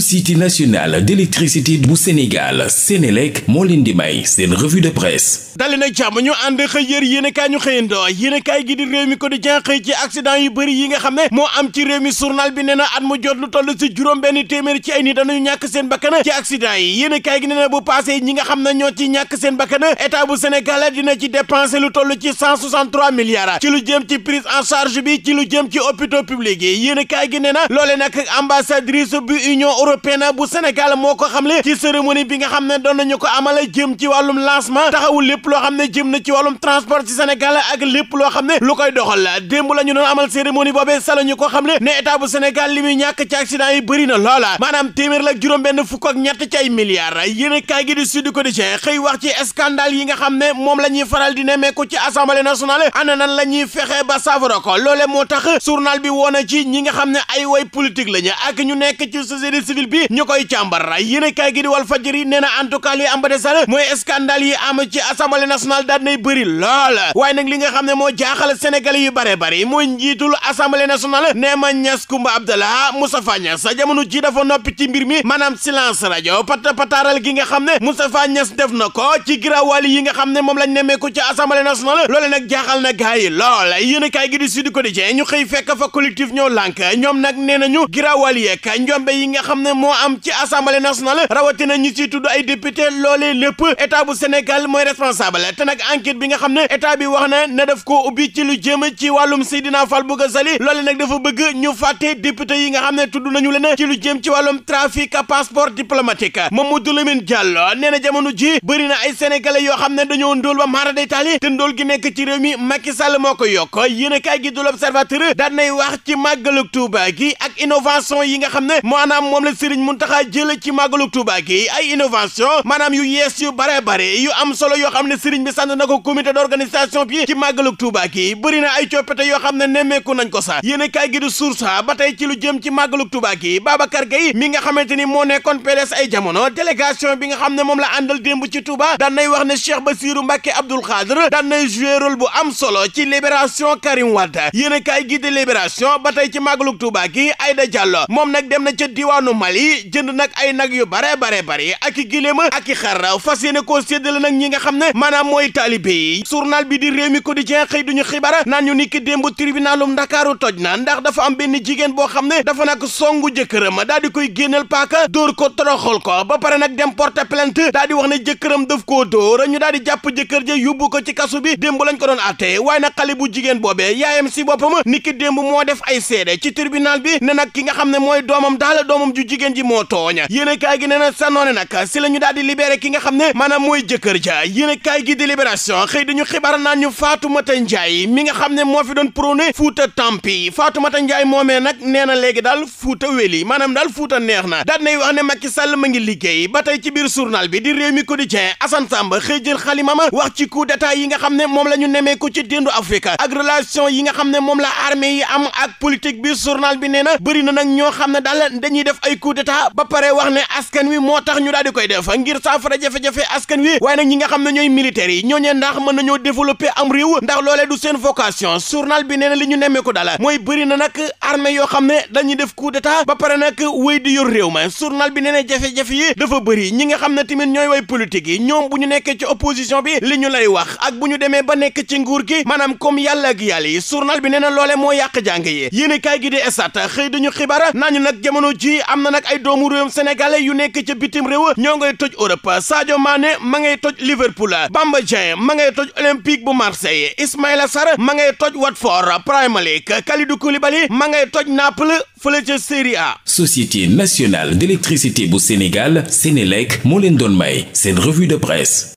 société nationale d'électricité bu Sénégal Sénélec moo leen di may seen revue de presse dali nag ñu ànd xëy yër yéenekaay ñu xëyandoo yéenekaay gi di réew mi quotidien xëy ci accident yu bëri yi nga xam ne moo am ci réew mi journal bi nee na at mu jot lu toll si juróom benn téeméer ci ay nit dañuy ñàkk seen bakkan ci accident yi yéenekaay gi nee bu passé ñi nga xam ne ñoo ci ñàkk seen bakkan état bu Sénégal dina ci dépenser lu toll ci 163 milliards ci lu jëm ci prise bi ci lu jëm ci hôpitaux publics na loole nag européenne bu Sénégal moo ko xamle ci cérémonie bi xam ne doon nañu ko amala jëm ci wàllum lancement taxawul lépp loo xam ne jëm na ci wàllum transport Sénégal ak lépp loo xam ne lu koy doxal la démb la ñu doon amal cérémonie boobee sa la ñu ko xamle bu Sénégal li muy ñàkk ci accident yi loola maanaam téeméer la juróom-benn fukk ak ñett ci ay milliards yéen kaay gi di Sud Quotidien wax ci scandale yi nga xam ne moom la ñuy faral di ko ci ñi civile bi ñu koy càmbar yéen kaay gi di wal fajri nee en tout cas li am ba des mooy scandale yi ci assemblée nationale daal bëri lool waaye nag li nga xam ne moo jaaxal sénégalais yu bare bari mooy njiitul assemblée nationale nee ma Niass Koumba Abdallah Moustapha sa jamono ji dafa noppi ci mbir mi maanaam silence rajo pata pataaral gi nga xam ne Moustapha Niass def na ko ci giraawal yi nga xam ne moom lañ nemmeeku ci assemblée nationale loole nag jaaxal na gars yi lool yéen kaay gi di Sud Quotidien ñu xëy fekk fa collectif ñoo lànk ñoom nag nee nañu giraawal yeeg yi nga xam ne moo am ci assemblée nationale rawatina ñu ciy tudd ay député loolee lépp état bu Sénégal mooy responsable te nag enquête bi nga xam ne état bi wax na ne def ko ubbi ci lu jëm ci wàllum Seydina Fall Bougazelli loole nag dafa bëgg ñu fàtte député yi nga xam ne tudd nañu leen ci lu jëm ci wàllum trafic passeport diplomatique Mamadou Lamine Diallo nee na jamono ji bëri na ay sénégalais yoo xam ne dañoo ndóol ba maara day taali te ndóol gi nekk ci réew mi Macky Sall moo ko yokk yéen kaay gi du l'observateur daan nay wax ci màggalu gi ak innovation yi nga xam ne moo moom la sëriñ Muntaxa jël ci màggalu Tuuba gi ay innovation maanaam yu yees yu bare bare yu am solo yoo xam ne sëriñ bi sant na ko comité d'organisation bi ci màggalu Tuuba gi bëri na ay coppite yoo xam ne nemmeeku nañ ko sa yéen kaay gi du source ba tey ci lu jëm ci màggalu Tuuba gi Babacar Gueye mi nga xam xamante ni moo nekkoon PDS ay jamono délégation bi nga xam ne moom la àndal démb ci Tuuba daan wax ne Cheikh Bassirou Mbacké Abdoul Khadre daan nay jouer bu am solo ci libération Karim Wade yéen kaay gi de ba tey ci màggalu Tuuba gi réew Mali jënd nag ay nag yu bare bare bare ak i ak i xar fas yéene koo séddale nag ñi nga xam ne maanaam mooy taalibe yi journal bi di réew mi quotidien xëy duñu xibaar naan ñu ni ki démb tribunalum ndakaaru toj na ndax dafa am benn jigéen boo xam ne dafa nag songu jëkkëram daal di koy génneel paaka dóor ko toroxal ko ba pare nag dem porter plainte daal di wax ne jëkkëram daf koo dóor ñu daal di jàpp jëkkër ja yóbbu ko ci kasu bi démb lañ ko doon atte waaye nag xale bu jigéen boobee yaayam si boppam ni ki démb moo def ay seede ci tribunal bi ne nag ki nga xam ne mooy jigéen ji moo tooñ yéen kaay gi nee na sanoone nag si la ñu daal di libéré ki nga xam ne maanaam mooy jëkkër ja yéen kaay gi di libération xëy dañu xibaar naan ñu Fatoumata Ndiaye mi nga xam ne moo fi doon prôné Fouta Tampi Fatoumata Ndiaye moomee nag nee na léegi daal Fouta wéli maanaam daal Fouta neex na daal nay wax ne Macky Sall ma ngi liggéey ba tey ci biir bi di Rewmi Quotidien Assane Samba wax ci coup yi nga xam ne moom la ñu nemee ko ci déndu Afrique yi nga xam ne moom la am ak politique bi journal bi nee na bëri na nag ñoo xam ne daal dañuy def ay ay coup d'état ba pare wax ne askan wi moo tax ñu daal di koy def ngir saafara jafe-jafe askan wi waaye nag ñi nga xam ne ñooy militaires yi ñoo ñeen ndax mën nañoo développer am réew ndax loolee du seen vocation surnal bi nee na li ñu nemmee ko dala mooy bëri na nag armée yoo xam ne dañuy def coup d'état ba pare nag wéy di yor réew ma surnal bi ne na jafe-jafe yi dafa bëri ñi nga xam ne tamit ñooy way politique yi ñoom bu ñu nekkee ci opposition bi li ñu lay wax ak bu ñu demee ba nekk ci nguur gi maanaam comme yàlla ak yàlla yi journal bi nee na loole moo yàq jàng yi yéen kaay gi di esat xëy dañu xibaar nañu nag jamono ji am na nag ay doomu réewum sénégalais yu nekk ca bitim réew ñoo ngay toj Europe Sadio Mané ma ngay toj Liverpool Bamba Dieng ma ngay toj Olympique bu Marseille Ismaïla Sarr ma ngay toj Watford Premier League Kalidou Koulibaly ma ngay toj Naples fële ca Serie A. Société nationale d'électricité bu Sénégal Sénélec moo leen doon may seen revue de presse.